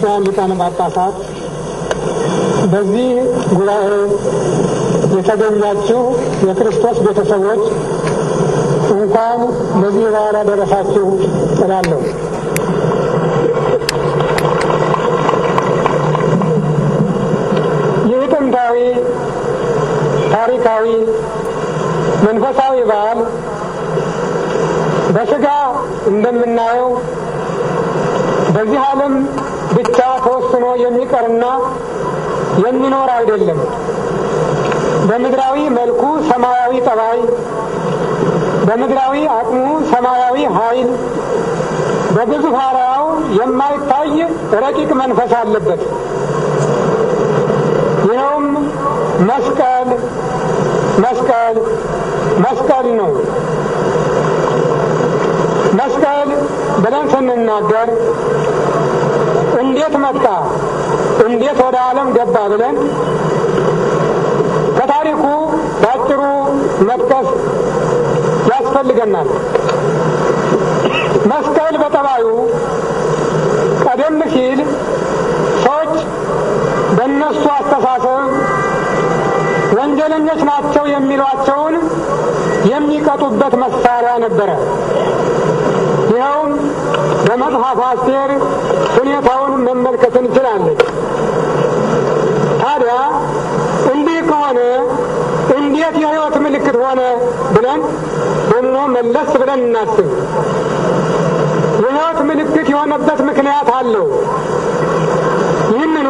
ቅዱሳን ሊቃነ ጳጳሳት በዚህ ጉባኤ የተገኛችሁ የክርስቶስ ቤተሰቦች እንኳን በዚህ በዓል አደረሳችሁ እላለሁ። ይህ ጥንታዊ ታሪካዊ መንፈሳዊ በዓል በስጋ እንደምናየው በዚህ ዓለም ብቻ ተወስኖ የሚቀርና የሚኖር አይደለም። በምድራዊ መልኩ ሰማያዊ ጠባይ፣ በምድራዊ አቅሙ ሰማያዊ ኃይል፣ በግዙፍ አርያው የማይታይ ረቂቅ መንፈስ አለበት። ይኸውም መስቀል መስቀል መስቀል ነው። መስቀል ብለን ስንናገር እንዴት መጣ፣ እንዴት ወደ ዓለም ገባ ብለን ከታሪኩ በአጭሩ መጥቀስ ያስፈልገናል። መስቀል በጠባዩ ቀደም ሲል ሰዎች በእነሱ አስተሳሰብ ወንጀለኞች ናቸው የሚሏቸውን የሚቀጡበት መሳሪያ ነበረ። ይኸውም በመጽሐፍ አስቴር ሁኔታውን መመልከት እንችላለን። ታዲያ እንዲህ ከሆነ እንዴት የሕይወት ምልክት ሆነ ብለን ደግሞ መለስ ብለን እናስብ። የሕይወት ምልክት የሆነበት ምክንያት አለው። ይህንኑ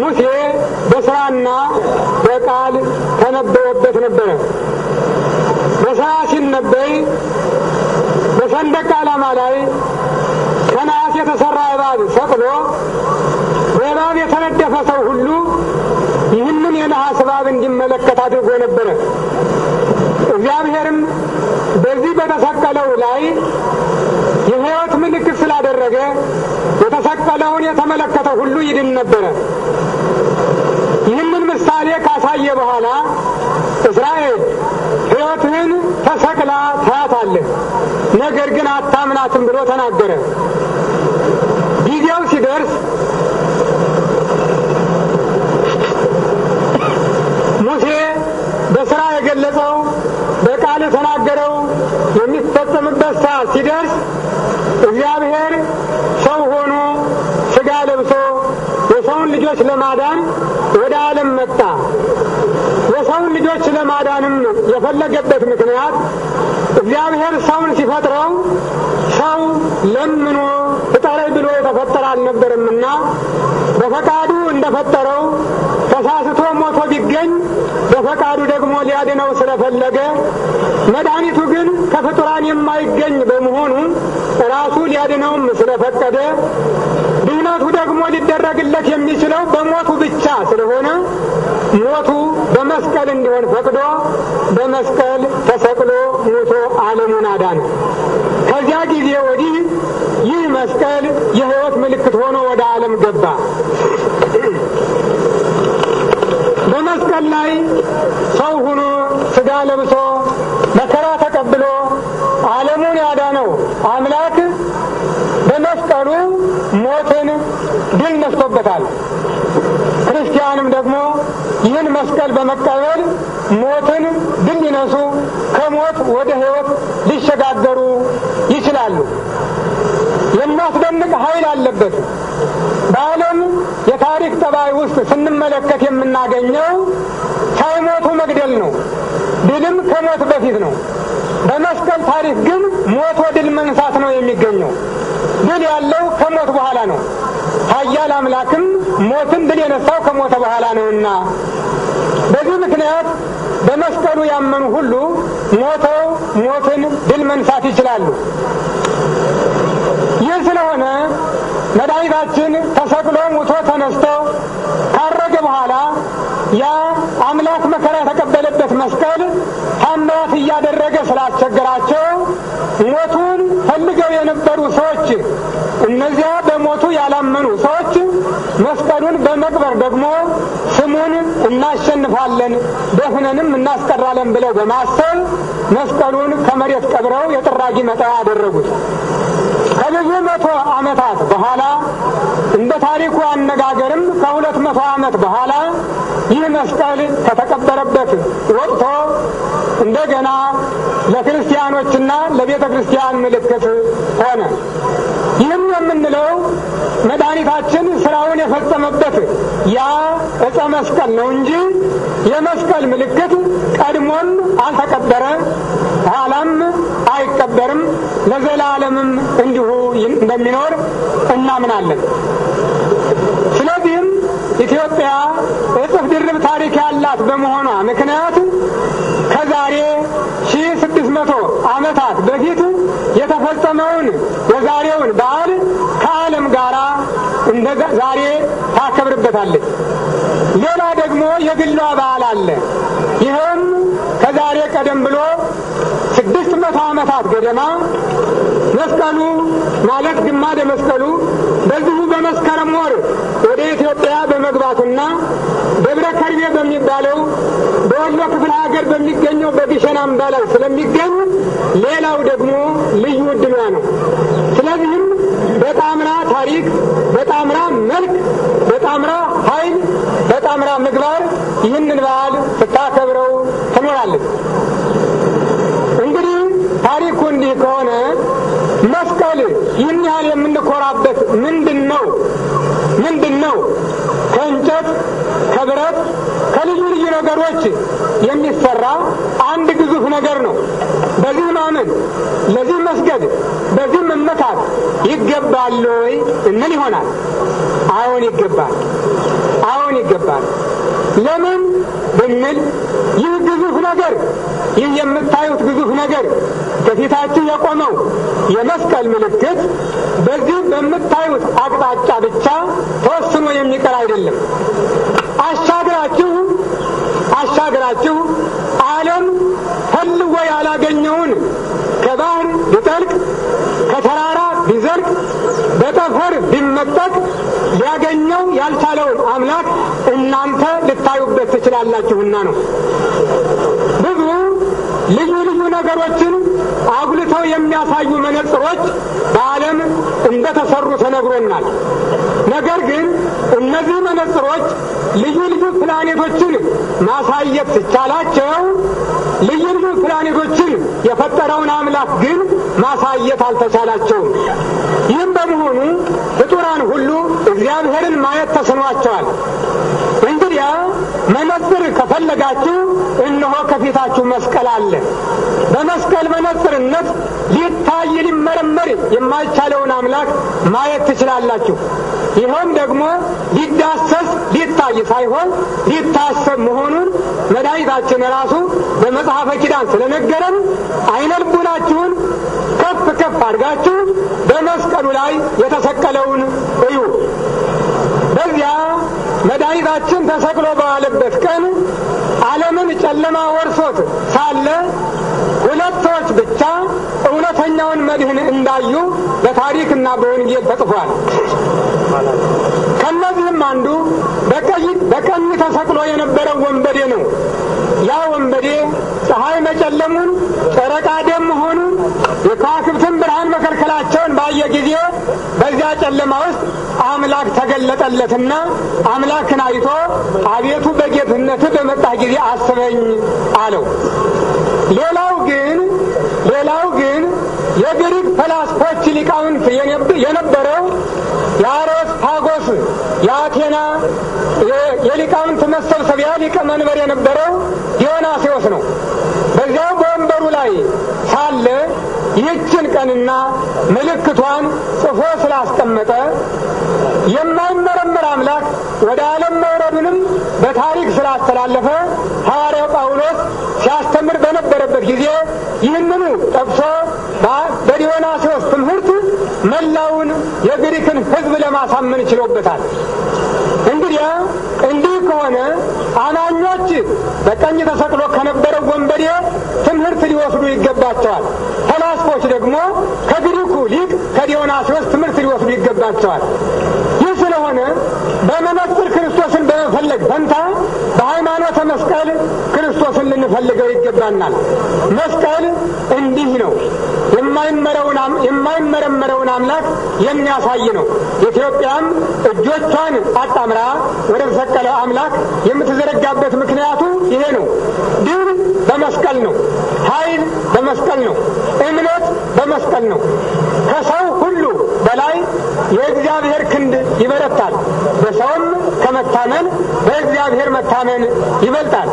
ሙሴ በስራና በቃል ተነበየበት ነበረ። በስራ ሲነበይ ሰንደቅ ዓላማ ላይ ከነሐስ የተሰራ እባብ ሰቅሎ በእባብ የተነደፈ ሰው ሁሉ ይህንን የነሐስ እባብ እንዲመለከት አድርጎ ነበረ። እግዚአብሔርም በዚህ በተሰቀለው ላይ የሕይወት ምልክት ስላደረገ የተሰቀለውን የተመለከተ ሁሉ ይድን ነበረ። ይህንን ምሳሌ ካሳየ በኋላ እስራ ተክላ ታያታለህ፣ ነገር ግን አታምናትም ብሎ ተናገረ። ጊዜው ሲደርስ ሙሴ በስራ የገለጸው በቃል የተናገረው የሚፈጸምበት ሰዓት ሲደርስ እግዚአብሔር ልጆች ለማዳን ወደ ዓለም መጣ። የሰውን ልጆች ለማዳንም የፈለገበት ምክንያት እግዚአብሔር ሰውን ሲፈጥረው ሰው ለምኖ ፍጠረኝ ብሎ የተፈጠረ አልነበረምና በፈቃዱ እንደፈጠረው ተሳስቶ ሞቶ ቢገኝ በፈቃዱ ደግሞ ሊያድነው ስለፈለገ መድኃኒቱ ግን ከፍጡራን የማይገኝ በመሆኑ ራሱ ሊያድነውም ስለፈቀደ ድህነቱ ደግሞ ሊደረግለት የሚችለው በሞቱ ብቻ ስለሆነ ሞቱ በመስቀል እንዲሆን ፈቅዶ በመስቀል ተሰቅሎ ሙቶ ዓለሙን አዳነ። ከዚያ ጊዜ ወዲህ ይህ መስቀል የሕይወት ምልክት ሆኖ ወደ ዓለም ገባ። በመስቀል ላይ ሰው ሆኖ ሥጋ ለብሶ መከራ ተቀብሎ ዓለሙን ያዳነው አምላክ በመስቀሉ ሞትን ድል ነስቶበታል። ክርስቲያንም ደግሞ ይህን መስቀል በመቀበል ሞትን ድል ይነሱ፣ ከሞት ወደ ሕይወት ሊሸጋገሩ ይችላሉ። የሚያስደንቅ ኃይል አለበት። በዓለም የታሪክ ጠባይ ውስጥ ስንመለከት የምናገኘው ሳይሞቱ መግደል ነው። ድልም ከሞት በፊት ነው። በመስቀል ታሪክ ግን ሞት ድል መንሳት ነው የሚገኘው። ድል ያለው ከሞት በኋላ ነው። ኃያል አምላክም ሞትን ድል የነሳው ከሞተ በኋላ ነውና በዚህ ምክንያት በመስቀሉ ያመኑ ሁሉ ሞተው ሞትን ድል መንሳት ይችላሉ። ይህ ስለሆነ መድኃኒታችን ተሰቅሎ ሙቶ ተነስቶ ካረገ በኋላ ያ አምላክ መከራ የተቀበለበት መስቀል ታምራት እያደረገ ስላስቸገራቸው ሞቱን ፈልገው የነበሩ ሰዎች እነዚያ በሞቱ ያላመኑ ሰዎች መስቀሉን በመቅበር ደግሞ ስሙን እናሸንፋለን ደፍነንም እናስቀራለን ብለው በማሰብ መስቀሉን ከመሬት ቀብረው የጥራጊ መጣያ ያደረጉት። ከብዙ መቶ ዓመታት በኋላ እንደ ታሪኩ አነጋገርም ከሁለት መቶ ዓመት በኋላ ይህ መስቀል ከተቀበረበት ወጥቶ እንደገና ለክርስቲያኖችና ለቤተ ክርስቲያን ምልክት ሆነ። ይህም የምንለው መድኃኒታችን ስራውን የፈጸመበት ያ ዕፀ መስቀል ነው እንጂ የመስቀል ምልክት ቀድሞም አልተቀበረ ኋላም አይቀበርም፣ ለዘላለምም እንዲሁ እንደሚኖር እናምናለን። ስለዚህም ኢትዮጵያ እጥፍ ድርብ ታሪክ ያላት በመሆኗ ምክንያት ከዛሬ ሺ ስድስት መቶ ዓመታት በፊት የተፈጸመውን የዛሬውን በዓል ከዓለም ጋር እንደ ዛሬ ታከብርበታለች። ሌላ ደግሞ የግሏ በዓል አለ። ይህም ከዛሬ ቀደም ብሎ ስድስት መቶ ዓመታት ገደማ መስቀሉ ማለት ግማደ መስቀሉ በዚሁ በመስከረም ወር ወደ ኢትዮጵያ በመግባቱና ደብረ ከርቤ በሚባለው በወሎ ክፍለ ሀገር በሚገኘው በግሸን አምባ ላይ ስለሚገኝ ሌላው ደግሞ ልዩ ዕድሏ ነው። ስለዚህም በጣምራ ታሪክ፣ በጣምራ መልክ፣ በጣምራ ኃይል፣ በጣምራ ምግባር ይህንን በዓል ስታከብረው ትኖራለች። እንግዲህ ታሪኩ እንዲህ ከሆነ መስቀል ይህን ያህል የምንኮራበት ምንድን ነው? ምንድን ነው? ከእንጨት ከብረት፣ ከልዩ ልዩ ነገሮች የሚሰራ አንድ ግዙፍ ነገር ነው። በዚህ ማመን፣ ለዚህ መስገድ፣ በዚህ መመታት ይገባል ወይ እንል ይሆናል። አዎን ይገባል። አዎን ይገባል። ለምን? ክልል ይህ ግዙፍ ነገር ይህ የምታዩት ግዙፍ ነገር ከፊታችሁ የቆመው የመስቀል ምልክት በዚህ በምታዩት አቅጣጫ ብቻ ተወስኖ የሚቀር አይደለም። አሻግራችሁ አሻግራችሁ ዓለም ፈልጎ ያላገኘውን ከባህር ሊጠልቅ ከተራራ ቢዘርግ በጠፈር ቢመጠቅ ያገኘው ያልቻለውን አምላክ እናንተ ልታዩበት ትችላላችሁና ነው። ብዙ ልዩ ልዩ ነገሮችን አጉልተው የሚያሳዩ መነጽሮች በዓለም እንደተሰሩ ተነግሮናል። ነገር ግን እነዚህ መነጽሮች ልዩ ልዩ ፕላኔቶችን ማሳየት ሲቻላቸው ልዩ ልዩ ፕላኔቶችን የፈጠረውን አምላክ ግን ማሳየት አልተቻላቸውም። ይህም በመሆኑ ፍጡራን ሁሉ እግዚአብሔርን ማየት ተስኗቸዋል። መነጽር ከፈለጋችሁ እነሆ ከፊታችሁ መስቀል አለ። በመስቀል መነጽርነት ሊታይ ሊመረመር የማይቻለውን አምላክ ማየት ትችላላችሁ። ይኸውም ደግሞ ሊዳሰስ ሊታይ ሳይሆን ሊታሰብ መሆኑን መድኃኒታችን ራሱ በመጽሐፈ ኪዳን ስለነገረን አይነ ልቡናችሁን ከፍ ከፍ አድርጋችሁ በመስቀሉ ላይ የተሰቀለውን እዩ። መድኃኒታችን ተሰቅሎ በዋለበት ቀን ዓለምን ጨለማ ወርሶት ሳለ ሁለት ሰዎች ብቻ እውነተኛውን መድህን እንዳዩ በታሪክና በወንጌል ተጽፏል። ከእነዚህም አንዱ በቀኝ ተሰቅሎ የነበረው ወንበዴ ነው። ያ ወንበዴ ፀሐይ መጨለሙን፣ ጨረቃ ደም መሆኑን፣ የከዋክብትን ብርሃን መከልከላቸውን ባየ ጊዜ ጨለማ ውስጥ አምላክ ተገለጠለትና አምላክን አይቶ አቤቱ በጌትነት በመጣ ጊዜ አስበኝ አለው። ሌላው ግን ሌላው ግን የግሪክ ፈላስፎች ሊቃውንት የነበረው የአሬስፓጎስ የአቴና የሊቃውንት መሰብሰቢያ ሊቀመንበር የነበረው ዲዮናሴዎስ ነው። በዚያም በወንበሩ ላይ ሳለ ይህችን ቀንና ምልክቷን ጽፎ ስላስቀመጠ የማይመረመር አምላክ ወደ ዓለም መውረዱንም በታሪክ ስላስተላለፈ ሐዋርያው ጳውሎስ ሲያስተምር በነበረበት ጊዜ ይህንኑ ጠቅሶ በዲዮናስዮስ ትምህርት መላውን የግሪክን ሕዝብ ለማሳመን ችሎበታል። ታዲያ እንዲህ ከሆነ አማኞች በቀኝ ተሰቅሎ ከነበረው ወንበዴ ትምህርት ሊወስዱ ይገባቸዋል። ፈላስፎች ደግሞ ከግሪኩ ሊቅ ከዲዮናስዮስ ትምህርት ሊወስዱ ይገባቸዋል። ይህ ስለሆነ በመነጽር ክርስቶስን በመፈለግ ፈንታ በሃይማኖተ መስቀል ልንፈልገው ይገባናል። መስቀል እንዲህ ነው። የማይመረመረውን አምላክ የሚያሳይ ነው። ኢትዮጵያም እጆቿን አጣምራ ወደ ተሰቀለ አምላክ የምትዘረጋበት ምክንያቱ ይሄ ነው። ድል በመስቀል ነው። ኃይል በመስቀል ነው። እምነት በመስቀል ነው። ከሰው ሁሉ በላይ የእግዚአብሔር ክንድ ይበረታል። በሰውም ከመታመን በእግዚአብሔር መታመን ይበልጣል።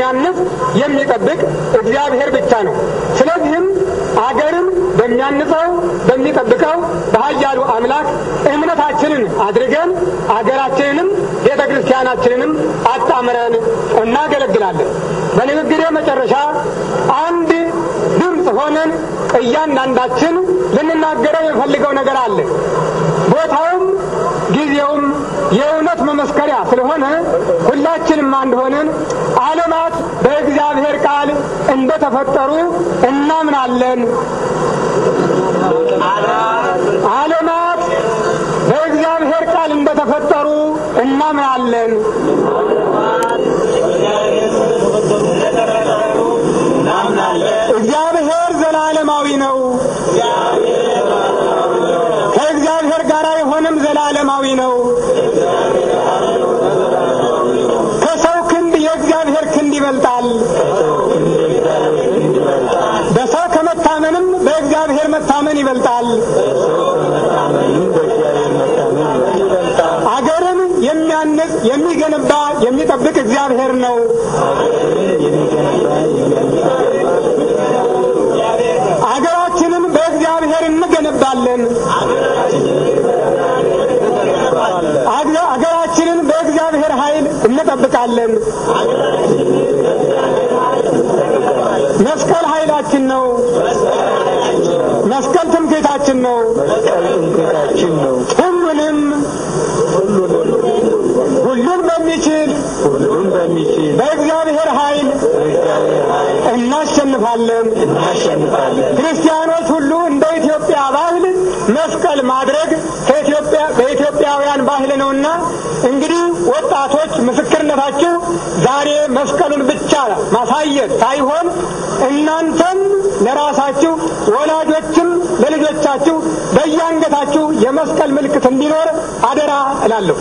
የሚያልፍ የሚጠብቅ እግዚአብሔር ብቻ ነው። ስለዚህም አገርም በሚያንጸው በሚጠብቀው በኃያሉ አምላክ እምነታችንን አድርገን አገራችንንም ቤተ ክርስቲያናችንንም አጣምረን እናገለግላለን። በንግግሬ መጨረሻ አንድ ድምፅ ሆነን እያንዳንዳችን ልንናገረው የምፈልገው ነገር አለ ቦታው የእውነት መመስከሪያ ስለሆነ ሁላችንም አንድ ሆነን ዓለማት በእግዚአብሔር ቃል እንደተፈጠሩ እናምናለን። ዓለማት በእግዚአብሔር ቃል እንደተፈጠሩ እናምናለን። መታመንም በእግዚአብሔር መታመን ይበልጣል። አገርን የሚያነጽ የሚገነባ የሚጠብቅ እግዚአብሔር ነው። አገራችንን በእግዚአብሔር እንገነባለን። አገራችንን በእግዚአብሔር ኃይል እንጠብቃለን። መስቀል ማድረግ ከኢትዮጵያ በኢትዮጵያውያን ባህል ነውና እንግዲህ ወጣቶች ምስክርነታችሁ ዛሬ መስቀሉን ብቻ ማሳየት ሳይሆን እናንተም ለራሳችሁ ወላጆችም ለልጆቻችሁ በየአንገታችሁ የመስቀል ምልክት እንዲኖር አደራ እላለሁ።